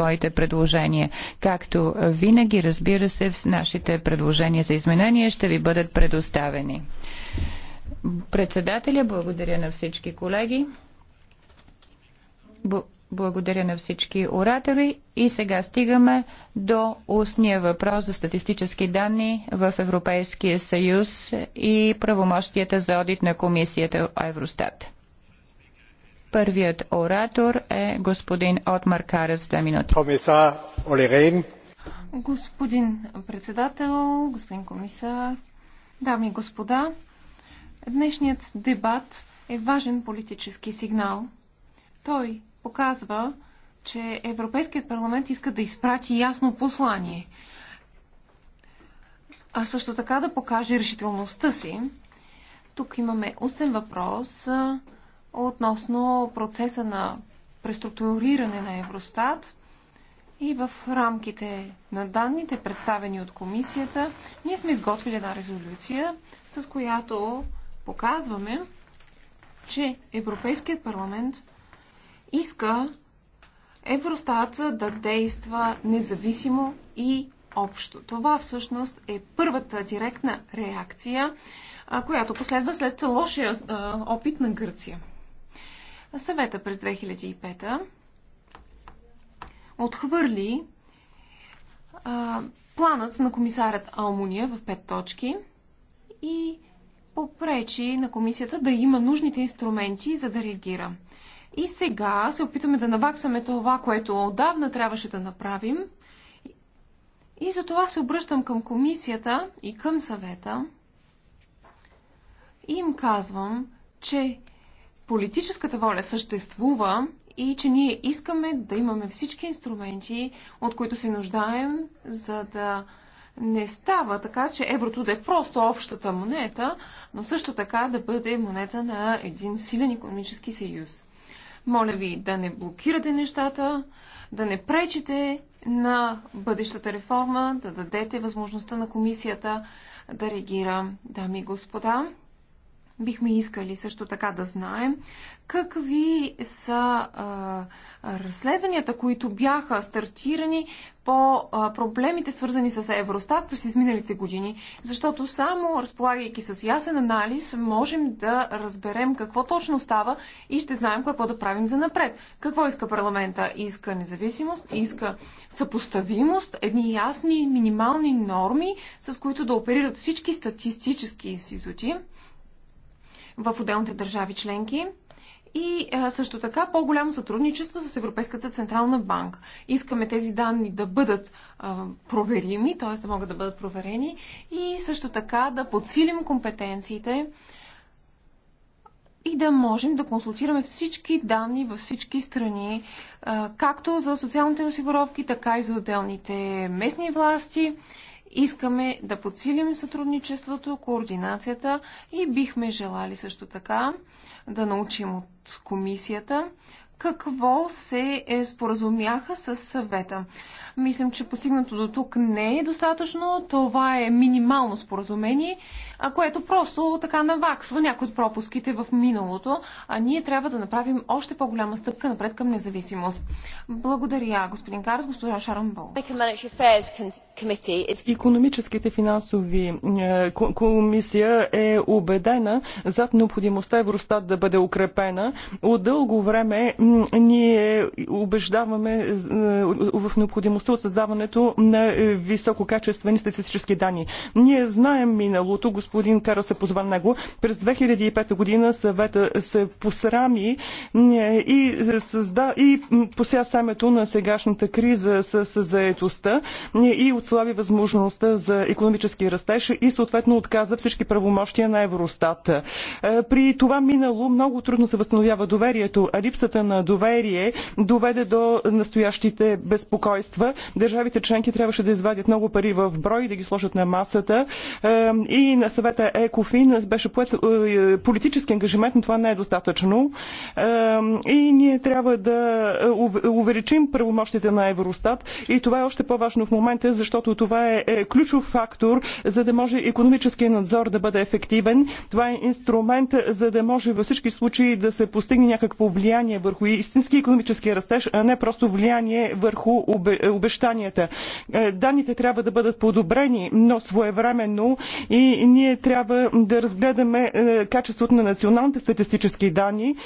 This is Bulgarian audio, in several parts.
своите предложения. Както винаги, разбира се, в нашите предложения за изменения ще ви бъдат предоставени. Председателя, благодаря на всички колеги. Благодаря на всички оратори. И сега стигаме до устния въпрос за статистически данни в Европейския съюз и правомощията за одит на комисията Евростат. Първият оратор е господин Отмар Карес, 2 минути. Комисар Олерен. Господин председател, господин комисар, дами и господа, днешният дебат е важен политически сигнал. Той показва, че Европейският парламент иска да изпрати ясно послание, а също така да покаже решителността си. Тук имаме устен въпрос относно процеса на преструктуриране на Евростат и в рамките на данните, представени от комисията, ние сме изготвили една резолюция, с която показваме, че Европейският парламент иска Евростат да действа независимо и общо. Това всъщност е първата директна реакция, която последва след лошия опит на Гърция. Съвета през 2005 отхвърли а, планът на комисарят Алмуния в пет точки и попречи на комисията да има нужните инструменти за да реагира. И сега се опитваме да наваксаме това, което отдавна трябваше да направим. И за това се обръщам към комисията и към съвета и им казвам, че политическата воля съществува и че ние искаме да имаме всички инструменти, от които се нуждаем, за да не става така, че еврото да е просто общата монета, но също така да бъде монета на един силен економически съюз. Моля ви да не блокирате нещата, да не пречите на бъдещата реформа, да дадете възможността на комисията да реагира, дами и господа. Бихме искали също така да знаем какви са а, разследванията, които бяха стартирани по а, проблемите, свързани с Евростат през изминалите години, защото само разполагайки с ясен анализ, можем да разберем какво точно става и ще знаем какво да правим за напред. Какво иска парламента? Иска независимост, иска съпоставимост, едни ясни минимални норми, с които да оперират всички статистически институти в отделните държави членки и също така по-голямо сътрудничество с Европейската Централна банка. Искаме тези данни да бъдат проверими, т.е. да могат да бъдат проверени и също така да подсилим компетенциите и да можем да консултираме всички данни във всички страни, както за социалните осигуровки, така и за отделните местни власти Искаме да подсилим сътрудничеството, координацията и бихме желали също така да научим от комисията какво се е споразумяха с съвета. Мислим, че постигнато до тук не е достатъчно. Това е минимално споразумение. А което просто така наваксва някои от пропуските в миналото, а ние трябва да направим още по-голяма стъпка напред към независимост. Благодаря, господин Карс, госпожа Шарон Бол. Економическите финансови е, комисия е убедена зад необходимостта Евростат да бъде укрепена. От дълго време ние убеждаваме е, в необходимостта от създаването на е, висококачествени статистически данни. Ние знаем миналото, господин Кара се позва на него. През 2005 година съвета се посрами е, и, създа, и пося самето на сегашната криза с, заетостта е, и отслаби възможността за економически растеж и съответно отказа всички правомощия на Евростат. Е, при това минало много трудно се възстановява доверието, а липсата на доверие доведе до настоящите безпокойства. Държавите членки трябваше да извадят много пари в брой, да ги сложат на масата и на съвета ЕКОФИН беше поет е, политически ангажимент, но това не е достатъчно. И ние трябва да е, увеличим правомощите на Евростат и това е още по-важно в момента, защото това е, е ключов фактор, за да може економическия надзор да бъде ефективен. Това е инструмент, за да може във всички случаи да се постигне някакво влияние върху истински економически растеж, а не просто влияние върху обещанията. Данните трябва да бъдат подобрени, но своевременно и ние ние трябва да разгледаме е, качеството на националните статистически данни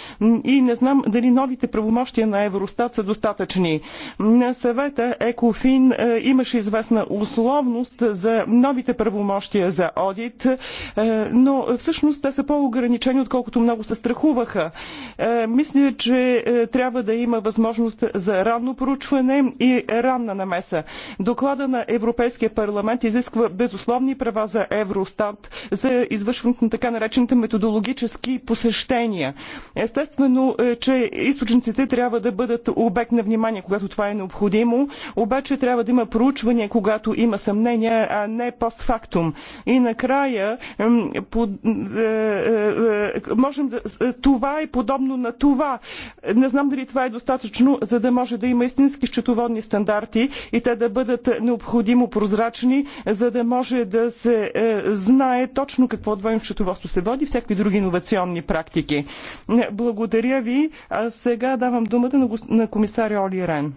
и не знам дали новите правомощия на Евростат са достатъчни. На съвета ЕКОФИН е, имаше известна условност за новите правомощия за одит, е, но всъщност те са по-ограничени, отколкото много се страхуваха. Мисля, че трябва да има възможност за равно проучване и ранна намеса. Доклада на Европейския парламент изисква безусловни права за Евростат за извършването на така наречените методологически посещения. Естествено, е, че източниците трябва да бъдат обект на внимание, когато това е необходимо, обаче трябва да има проучвания, когато има съмнения, а не постфактум. И накрая, е, е, можем да, това е подобно на това. Не знам дали това е достатъчно, за да може да има истински счетоводни стандарти и те да бъдат необходимо прозрачни, за да може да се знае знае точно какво двойно счетоводство се води, всякакви други иновационни практики. Благодаря ви. А сега давам думата на, го... на комисаря Оли Рен.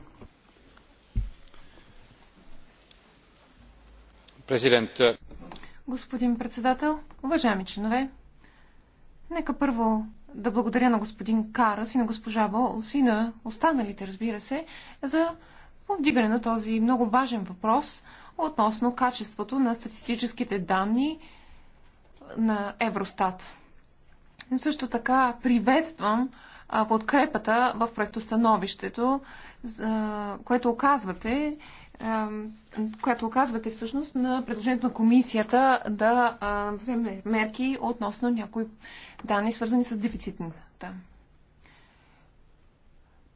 Президент. Господин председател, уважаеми членове, нека първо да благодаря на господин Карас и на госпожа Волс и на останалите, разбира се, за повдигане на този много важен въпрос относно качеството на статистическите данни на Евростат. Също така приветствам подкрепата в проектостановището, което оказвате, което оказвате всъщност на предложението на комисията да вземе мерки относно някои данни, свързани с дефицитната.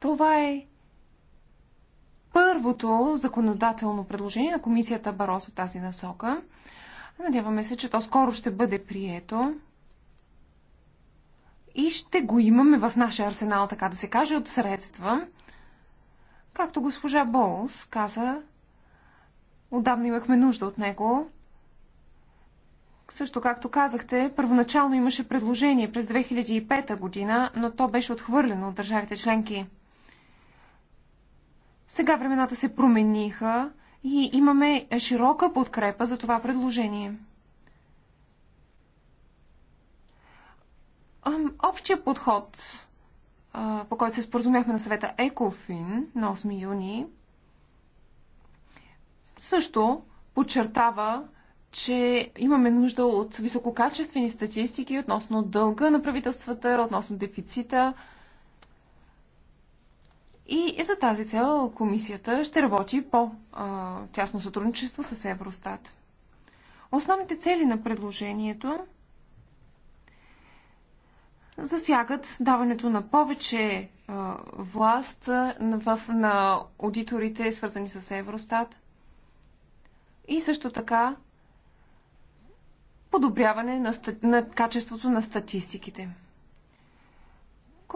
Това е първото законодателно предложение на комисията Барос от тази насока. Надяваме се, че то скоро ще бъде прието. И ще го имаме в нашия арсенал, така да се каже, от средства. Както госпожа Боус каза, отдавна имахме нужда от него. Също както казахте, първоначално имаше предложение през 2005 година, но то беше отхвърлено от държавите членки. Сега времената се промениха и имаме широка подкрепа за това предложение. Общия подход, по който се споразумяхме на съвета ЕКОФИН на 8 юни, също подчертава, че имаме нужда от висококачествени статистики относно дълга на правителствата, относно дефицита, и за тази цел комисията ще работи по а, тясно сътрудничество с Евростат. Основните цели на предложението засягат даването на повече а, власт в, на аудиторите, свързани с Евростат. И също така подобряване на, на качеството на статистиките.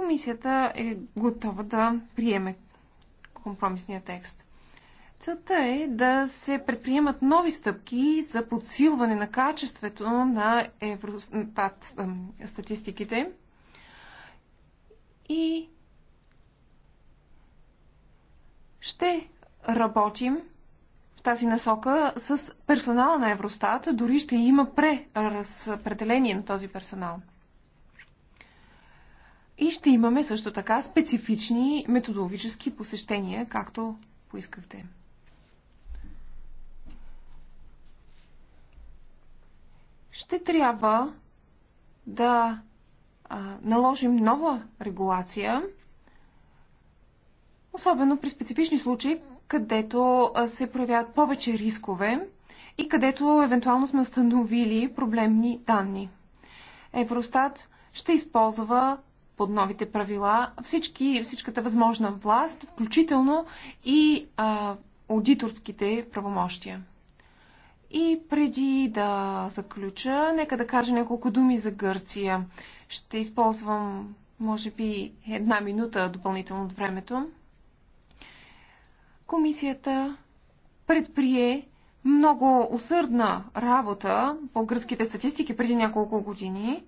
Комисията е готова да приеме компромисния текст. Целта е да се предприемат нови стъпки за подсилване на качеството на Евростат статистиките и ще работим в тази насока с персонала на Евростат. Дори ще има преразпределение на този персонал. И ще имаме също така специфични методологически посещения, както поискахте. Ще трябва да а, наложим нова регулация, особено при специфични случаи, където се проявяват повече рискове и където евентуално сме установили проблемни данни. Евростат ще използва под новите правила всички, всичката възможна власт, включително и а, аудиторските правомощия. И преди да заключа, нека да кажа няколко думи за Гърция. Ще използвам, може би, една минута допълнително от времето. Комисията предприе много усърдна работа по гръцките статистики преди няколко години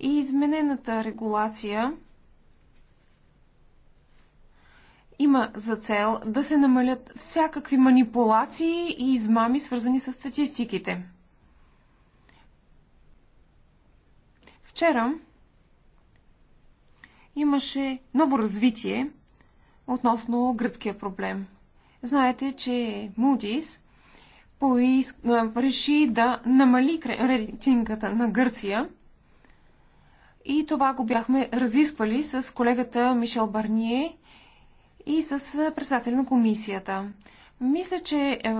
и изменената регулация има за цел да се намалят всякакви манипулации и измами, свързани с статистиките. Вчера имаше ново развитие относно гръцкия проблем. Знаете, че Moody's поиск... реши да намали рейтингата на Гърция – и това го бяхме разисквали с колегата Мишел Барние и с председателя на комисията. Мисля, че е,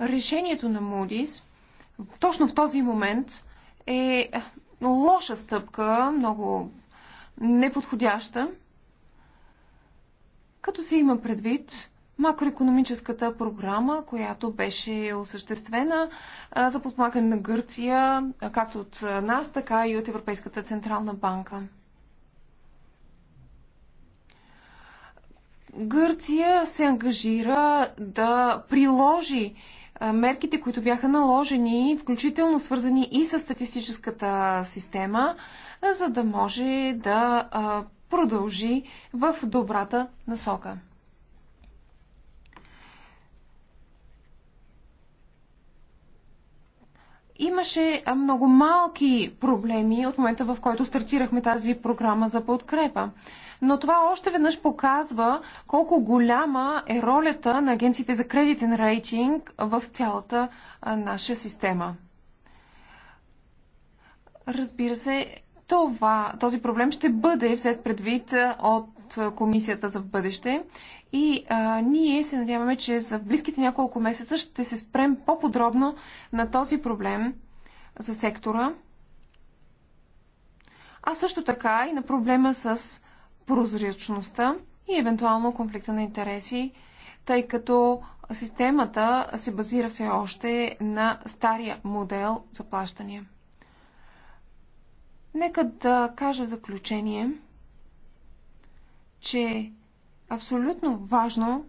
решението на Мудис точно в този момент е, е лоша стъпка, много неподходяща, като се има предвид, макроекономическата програма, която беше осъществена за подпомагане на Гърция, както от нас, така и от Европейската централна банка. Гърция се ангажира да приложи мерките, които бяха наложени, включително свързани и с статистическата система, за да може да продължи в добрата насока. Имаше много малки проблеми от момента, в който стартирахме тази програма за подкрепа. Но това още веднъж показва колко голяма е ролята на агенциите за кредитен рейтинг в цялата наша система. Разбира се, това, този проблем ще бъде взет предвид от комисията за в бъдеще и а, ние се надяваме, че за близките няколко месеца ще се спрем по-подробно на този проблем за сектора, а също така и на проблема с прозрачността и евентуално конфликта на интереси, тъй като системата се базира все още на стария модел за плащания. Нека да кажа в заключение, че абсолютно важно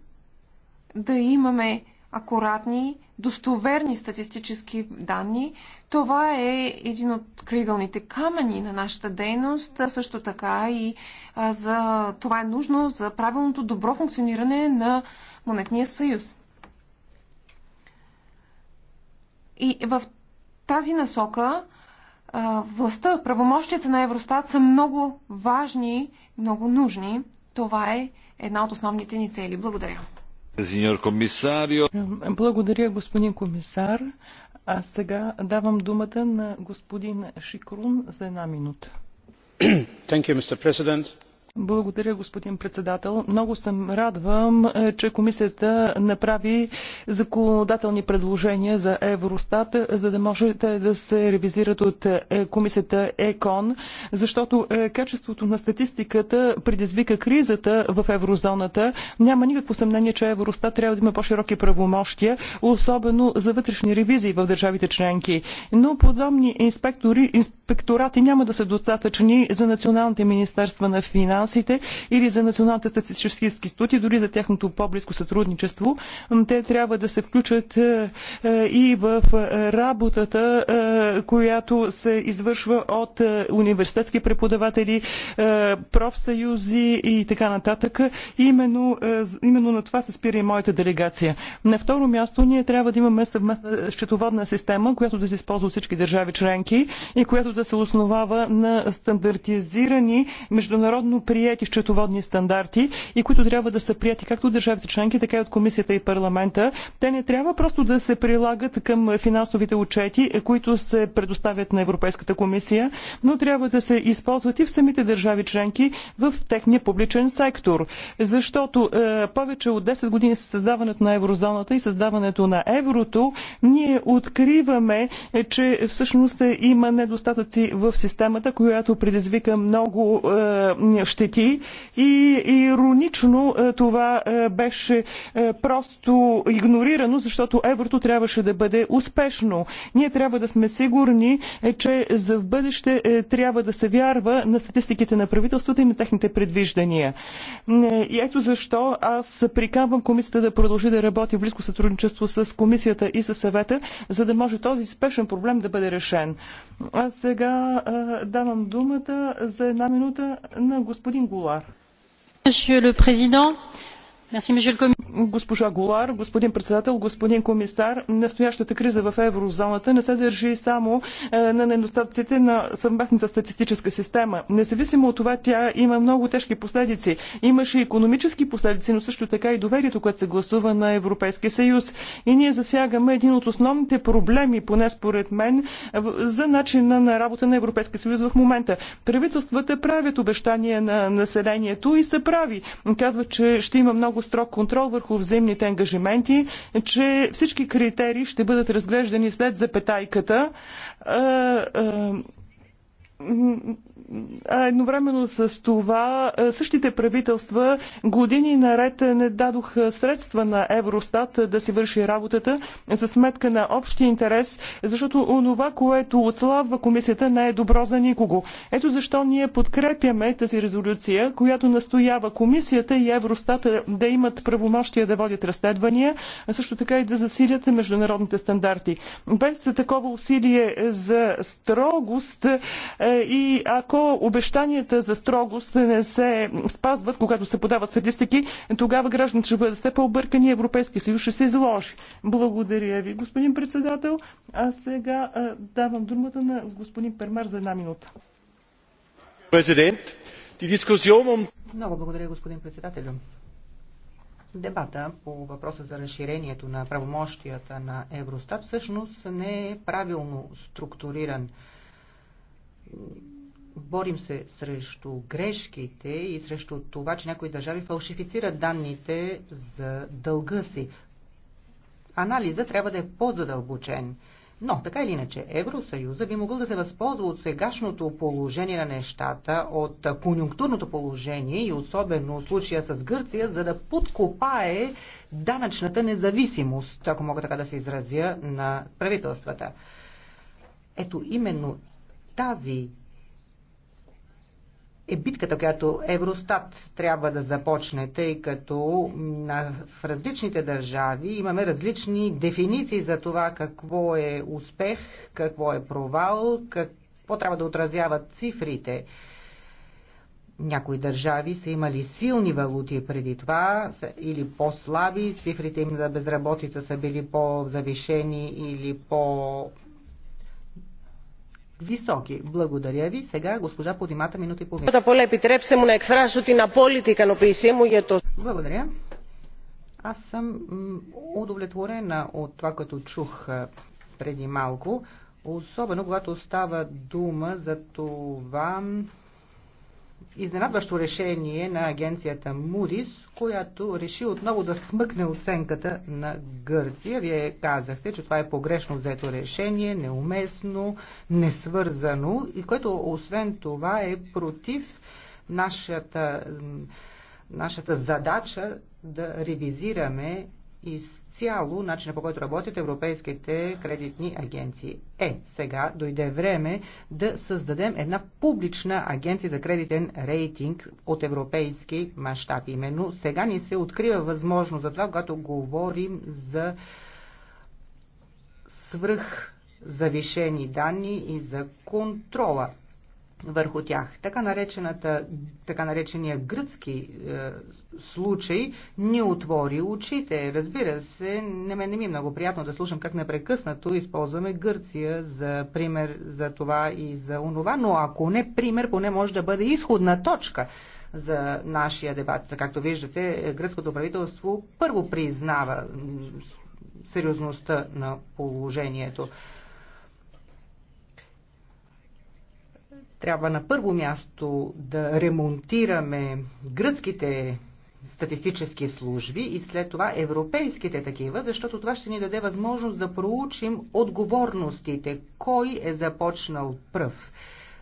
да имаме акуратни, достоверни статистически данни. Това е един от кригълните камъни на нашата дейност, също така и за това е нужно за правилното добро функциониране на монетния съюз. И в тази насока властта, правомощията на Евростат са много важни, много нужни. Това е една от основните ни цели. Благодаря. Благодаря, господин комисар. А сега давам думата на господин Шикрун за една минута. Thank you, Mr. President. Благодаря, господин председател. Много съм радвам, е, че комисията направи законодателни предложения за Евростат, за да може те да се ревизират от е, комисията ЕКОН, защото е, качеството на статистиката предизвика кризата в еврозоната. Няма никакво съмнение, че Евростат трябва да има по-широки правомощия, особено за вътрешни ревизии в държавите членки. Но подобни инспектори, инспекторати няма да са достатъчни за националните министерства на финанси финансите или за Националните статистически и дори за тяхното по-близко сътрудничество. Те трябва да се включат е, е, и в е, работата, която се извършва от университетски преподаватели, профсъюзи и така нататък. Именно, именно на това се спира и моята делегация. На второ място ние трябва да имаме съвместна счетоводна система, която да се използва от всички държави членки и която да се основава на стандартизирани международно приети счетоводни стандарти и които трябва да са прияти както от държавите членки, така и от комисията и парламента. Те не трябва просто да се прилагат към финансовите отчети, които се предоставят на Европейската комисия, но трябва да се използват и в самите държави членки в техния публичен сектор. Защото е, повече от 10 години с създаването на еврозоната и създаването на еврото, ние откриваме, е, че всъщност има недостатъци в системата, която предизвика много е, щети и иронично е, това е, беше е, просто игнорирано, защото еврото трябваше да бъде успешно. Ние трябва да сме сигурни, че за в бъдеще трябва да се вярва на статистиките на правителствата и на техните предвиждания. И ето защо аз приканвам комисията да продължи да работи в близко сътрудничество с комисията и с съвета, за да може този спешен проблем да бъде решен. А сега давам думата за една минута на господин Господин Голар. Госпожа Голар, господин председател, господин комисар, настоящата криза в еврозоната не се държи само е, на недостатъците на съвместната статистическа система. Независимо от това, тя има много тежки последици. Имаше економически последици, но също така и доверието, което се гласува на Европейския съюз. И ние засягаме един от основните проблеми, поне според мен, е, за начина на работа на Европейския съюз в момента. Правителствата правят обещания на населението и се прави. Казват, че ще има много много строг контрол върху взаимните ангажименти, че всички критерии ще бъдат разглеждани след запетайката а едновременно с това същите правителства години наред не дадоха средства на Евростат да си върши работата за сметка на общия интерес, защото онова, което отслабва комисията не е добро за никого. Ето защо ние подкрепяме тази резолюция, която настоява комисията и Евростат да имат правомощия да водят разследвания, а също така и да засилят международните стандарти. Без такова усилие за строгост и ако ако обещанията за строгост не се спазват, когато се подават статистики, тогава гражданите ще бъдат все по-объркани и Европейския съюз ще се изложи. Благодаря ви, господин председател. А сега а, давам думата на господин Пермар за една минута. Президент, ти много благодаря, господин председател. Дебата по въпроса за разширението на правомощията на Евростат всъщност не е правилно структуриран Борим се срещу грешките и срещу това, че някои държави фалшифицират данните за дълга си. Анализа трябва да е по-задълбочен. Но, така или иначе, Евросъюза би могъл да се възползва от сегашното положение на нещата, от конюнктурното положение и особено случая с Гърция, за да подкопае данъчната независимост, ако мога така да се изразя, на правителствата. Ето именно тази е битката, която Евростат трябва да започне, тъй като на, в различните държави имаме различни дефиниции за това какво е успех, какво е провал, какво трябва да отразяват цифрите. Някои държави са имали силни валути преди това или по-слаби, цифрите им за безработица са били по-завишени или по високи. Благодаря ви. Сега госпожа Подимата, минута и половина. Благодаря. Аз съм удовлетворена от това, като чух преди малко, особено когато става дума за това изненадващо решение на агенцията Мурис, която реши отново да смъкне оценката на Гърция. Вие казахте, че това е погрешно взето решение, неуместно, несвързано и което освен това е против нашата, нашата задача да ревизираме изцяло начина по който работят европейските кредитни агенции. Е, сега дойде време да създадем една публична агенция за кредитен рейтинг от европейски мащаб. Именно сега ни се открива възможност за това, когато говорим за свръх завишени данни и за контрола върху тях. Така, наречената, така наречения гръцки е, случай ни отвори очите. Разбира се, не, не ми е много приятно да слушам как непрекъснато използваме Гърция за пример за това и за онова, но ако не пример, поне може да бъде изходна точка за нашия дебат. Както виждате, гръцкото правителство първо признава сериозността на положението. Трябва на първо място да ремонтираме гръцките статистически служби и след това европейските такива, защото това ще ни даде възможност да проучим отговорностите, кой е започнал пръв.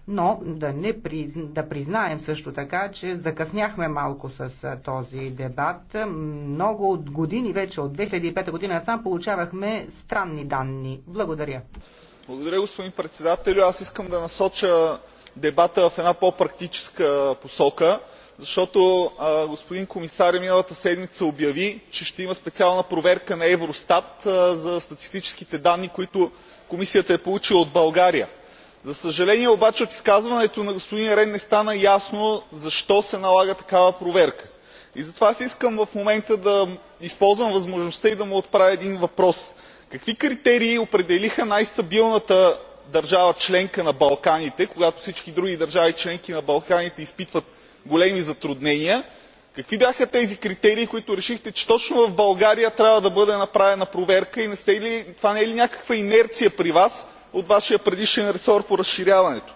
Но да, не призна, да признаем също така, че закъсняхме малко с този дебат. Много от години вече, от 2005 година сам получавахме странни данни. Благодаря. Благодаря, господин председател, Аз искам да насоча дебата в една по практическа посока защото господин комисарят миналата седмица обяви че ще има специална проверка на евростат за статистическите данни които комисията е получила от българия. за съжаление обаче от изказването на господин рен не стана ясно защо се налага такава проверка. и затова аз искам в момента да използвам възможността и да му отправя един въпрос какви критерии определиха най стабилната държава членка на балканите когато всички други държави членки на балканите изпитват големи затруднения какви бяха тези критерии които решихте че точно в българия трябва да бъде направена проверка и това не е ли някаква инерция при вас от вашия предишен ресор по разширяването?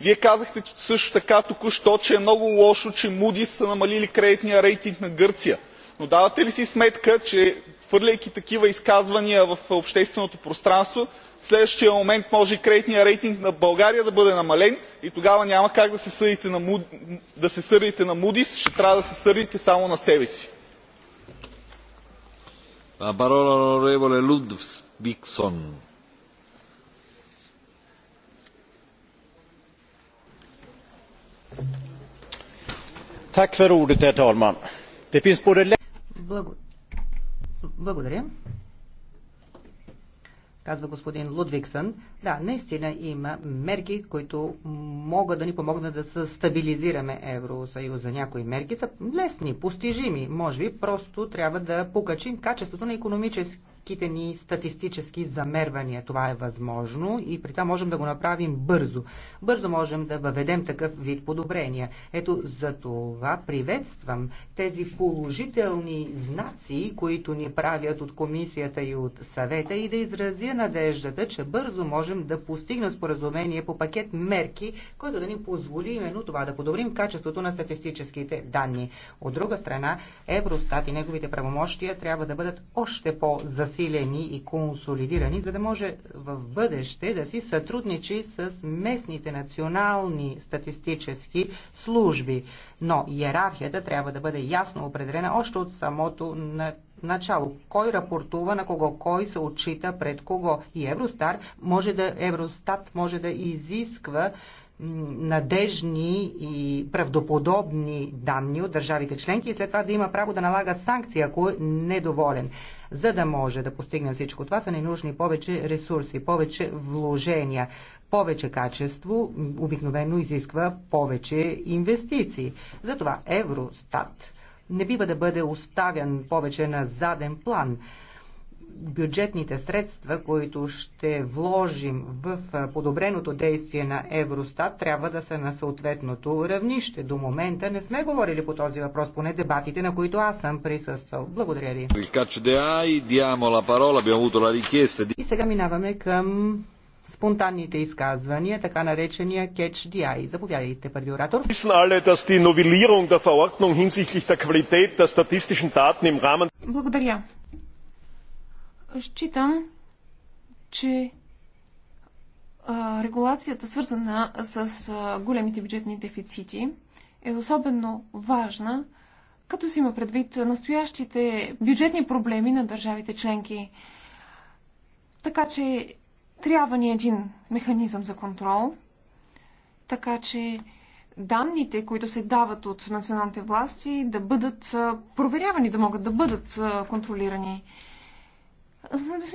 вие казахте също така току що че е много лошо че мудис са намалили кредитния рейтинг на гърция но давате ли си сметка че хвърляйки такива изказвания в общественото пространство в следващия момент може и кредитният рейтинг на българия да бъде намален и тогава няма как да се сърдите на мудис ще трябва да се сърдите само на себе си. Благодаря. Казва господин Лудвиксън. Да, наистина има мерки, които могат да ни помогнат да се стабилизираме Евросъюза. Някои мерки са лесни, постижими. Може би просто трябва да покачим качеството на економически всичките ни статистически замервания. Това е възможно и при това можем да го направим бързо. Бързо можем да въведем такъв вид подобрения. Ето за това приветствам тези положителни знаци, които ни правят от комисията и от съвета и да изразя надеждата, че бързо можем да постигнем споразумение по пакет мерки, който да ни позволи именно това да подобрим качеството на статистическите данни. От друга страна, Евростат и неговите правомощия трябва да бъдат още по-засилени засилени и консолидирани, за да може в бъдеще да си сътрудничи с местните национални статистически служби. Но иерархията трябва да бъде ясно определена още от самото начало. Кой рапортува на кого, кой се отчита пред кого. И Евростар може да, Евростат може да изисква надежни и правдоподобни данни от държавите членки и след това да има право да налага санкции, ако е недоволен. За да може да постигне всичко това, са ни нужни повече ресурси, повече вложения. Повече качество обикновено изисква повече инвестиции. Затова Евростат не бива да бъде оставян повече на заден план бюджетните средства, които ще вложим в подобреното действие на Евростат, трябва да са на съответното равнище. До момента не сме говорили по този въпрос, поне дебатите, на които аз съм присъствал. Благодаря ви. И сега минаваме към спонтанните изказвания, така наречения Catch the Eye. Заповядайте, първи оратор. Благодаря. Считам, че регулацията, свързана с големите бюджетни дефицити, е особено важна, като се има предвид настоящите бюджетни проблеми на държавите членки. Така че трябва ни един механизъм за контрол, така че данните, които се дават от националните власти, да бъдат проверявани, да могат да бъдат контролирани.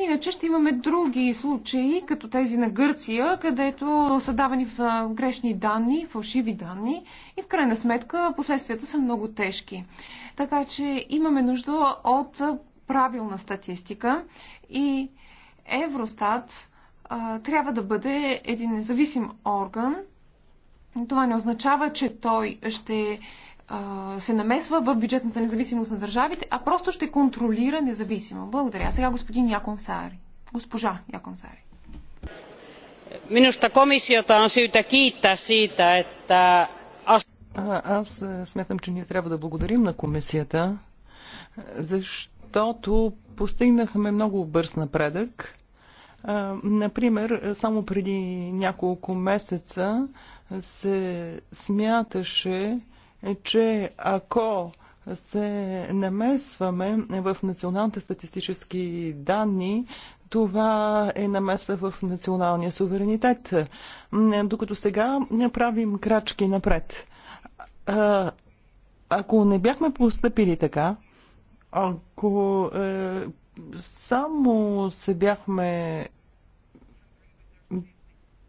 Иначе ще имаме други случаи, като тези на Гърция, където са давани в грешни данни, фалшиви данни и в крайна сметка последствията са много тежки. Така че имаме нужда от правилна статистика и Евростат а, трябва да бъде един независим орган. Това не означава, че той ще се намесва в бюджетната независимост на държавите, а просто ще контролира независимо. Благодаря. Сега господин Якон Сари. Госпожа Якон Саари. комисията komissiota on syytä kiittää siitä, että... Аз е, смятам, че ние трябва да благодарим на комисията, защото постигнахме много бърз напредък. Например, само преди няколко месеца се смяташе, че ако се намесваме в националните статистически данни, това е намеса в националния суверенитет. Докато сега не правим крачки напред. Ако не бяхме поступили така, ако е, само се бяхме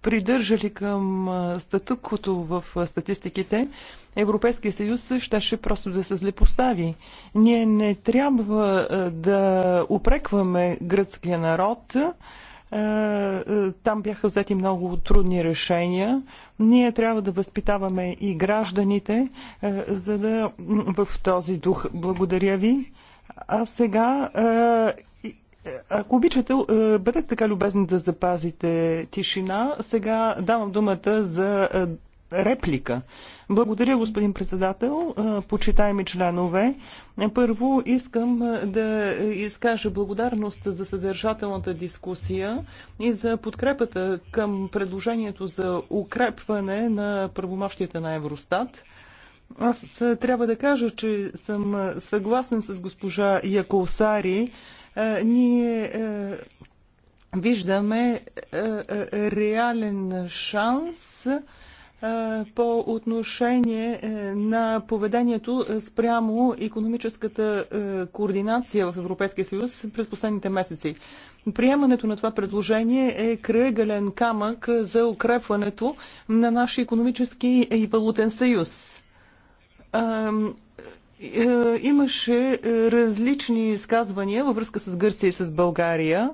придържали към статуквото в статистиките, Европейския съюз щеше просто да се злепостави. Ние не трябва да упрекваме гръцкия народ. Там бяха взети много трудни решения. Ние трябва да възпитаваме и гражданите, за да в този дух. Благодаря ви. А сега ако обичате, е, бъдете така любезни да запазите тишина. Сега давам думата за е, реплика. Благодаря, господин председател, е, почитаеми членове. Първо искам да изкажа благодарност за съдържателната дискусия и за подкрепата към предложението за укрепване на правомощията на Евростат. Аз трябва да кажа, че съм съгласен с госпожа Яколсари, ние виждаме реален шанс по отношение е, на поведението спрямо економическата е, координация в Европейския съюз през последните месеци. Приемането на това предложение е кръгален камък за укрепването на нашия економически и валутен съюз. Е, имаше е, различни изказвания във връзка с Гърция и с България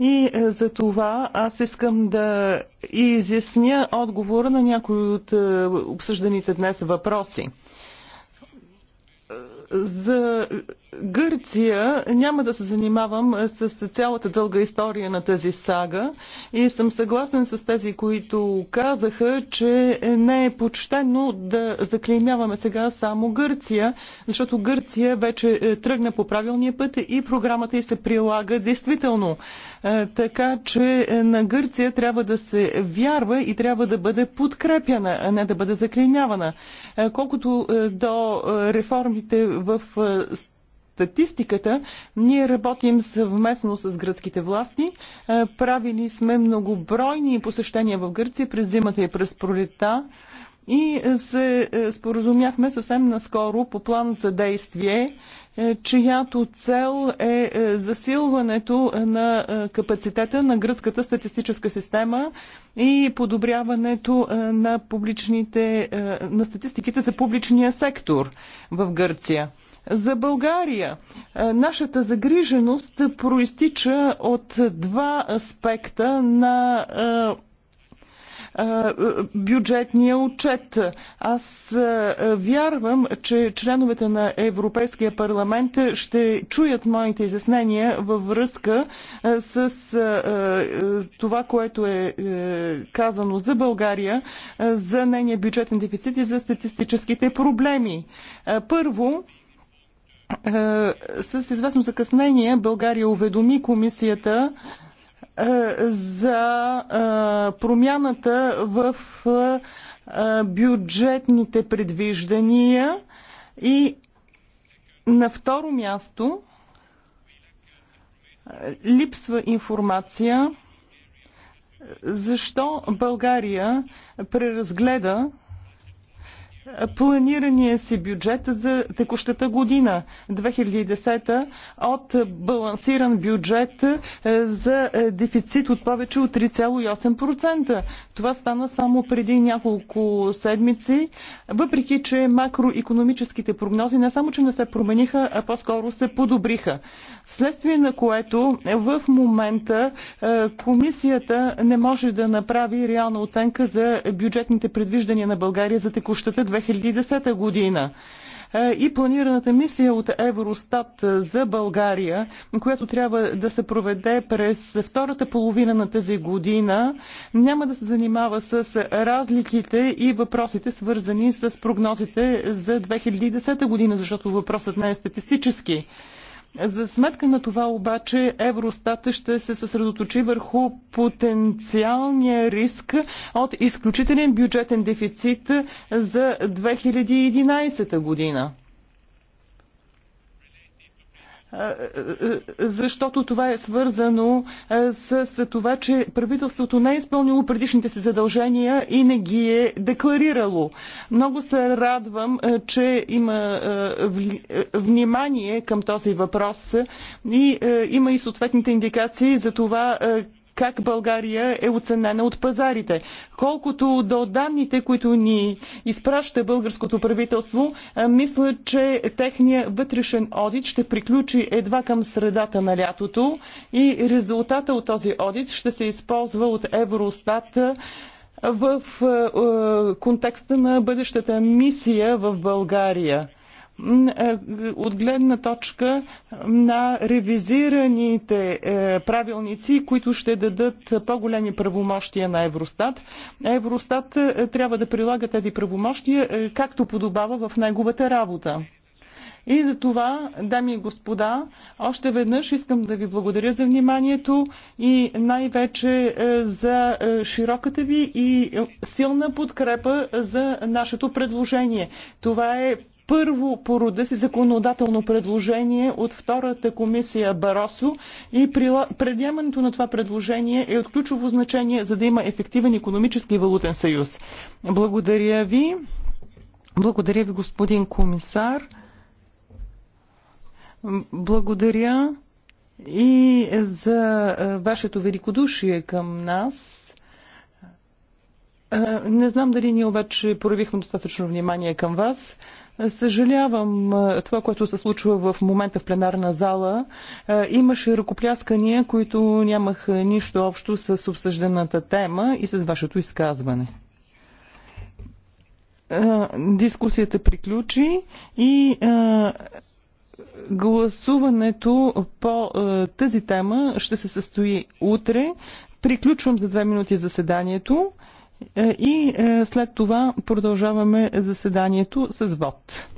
и е, за това аз искам да изясня отговора на някои от обсъжданите днес въпроси. За Гърция няма да се занимавам с цялата дълга история на тази сага и съм съгласен с тези, които казаха, че не е почтено да заклеймяваме сега само Гърция, защото Гърция вече е, тръгна по правилния път и програмата й се прилага действително. Е, така че е, на Гърция трябва да се вярва и трябва да бъде подкрепяна, а не да бъде заклеймявана. Колкото до реформите в статистиката. Ние работим съвместно с гръцките власти. Е, правили сме многобройни посещения в Гърция през зимата и през пролета и е, се е, споразумяхме съвсем наскоро по план за действие, чиято цел е засилването на капацитета на гръцката статистическа система и подобряването на, публичните, на статистиките за публичния сектор в Гърция. За България е, нашата загриженост проистича от два аспекта на е, е, бюджетния отчет. Аз вярвам, че членовете на Европейския парламент ще чуят моите изяснения във връзка с това, което е казано за България, за нейния бюджетен дефицит и за статистическите проблеми. Първо, е, с известно закъснение България уведоми комисията е, за е, промяната в бюджетните предвиждания и на второ място липсва информация защо България преразгледа планирания си бюджет за текущата година 2010 от балансиран бюджет е, за е, дефицит от повече от 3,8%. Това стана само преди няколко седмици, въпреки че макроекономическите прогнози не само, че не се промениха, а по-скоро се подобриха. Вследствие на което е, в момента комисията не може да направи реална оценка за бюджетните предвиждания на България за текущата 2010 година е, и планираната мисия от Евростат е, за България, която трябва да се проведе през втората половина на тази година, няма да се занимава с разликите и въпросите, свързани с прогнозите за 2010 година, защото въпросът не е статистически. За сметка на това обаче Евростата ще се съсредоточи върху потенциалния риск от изключителен бюджетен дефицит за 2011 година защото това е свързано е, с това, че правителството не е изпълнило предишните си задължения и не ги е декларирало. Много се радвам, е, че има е, внимание към този въпрос и има и съответните индикации за това как България е оценена от пазарите. Колкото до данните, които ни изпраща българското правителство, мисля, че техния вътрешен одит ще приключи едва към средата на лятото и резултата от този одит ще се използва от Евростат в контекста на бъдещата мисия в България. Е, от гледна точка на ревизираните е, правилници, които ще дадат по-големи правомощия на Евростат. Евростат е, трябва да прилага тези правомощия както подобава в неговата работа. И за това, дами и господа, още веднъж искам да ви благодаря за вниманието и най-вече за широката ви и силна подкрепа за нашето предложение. Това е първо по рода си законодателно предложение от втората комисия Баросо и предяването на това предложение е от ключово значение, за да има ефективен економически и валутен съюз. Благодаря ви. Благодаря ви, господин комисар. Благодаря и за е, вашето великодушие към нас. Е, не знам дали ние обаче проявихме достатъчно внимание към вас. Съжалявам това, което се случва в момента в пленарна зала. Имаше ръкопляскания, които нямах нищо общо с обсъжданата тема и с вашето изказване. Дискусията приключи и гласуването по тази тема ще се състои утре. Приключвам за две минути заседанието. Е, и е, след това продължаваме заседанието с вод.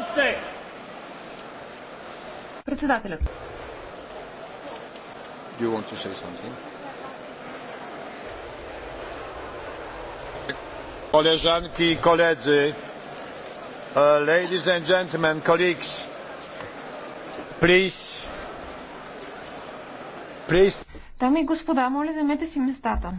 Франце! Председателят. Do you want to say something? Koleżanki i koledzy, uh, ladies and gentlemen, colleagues, please, please. Дами и господа, моля, вземете си местата.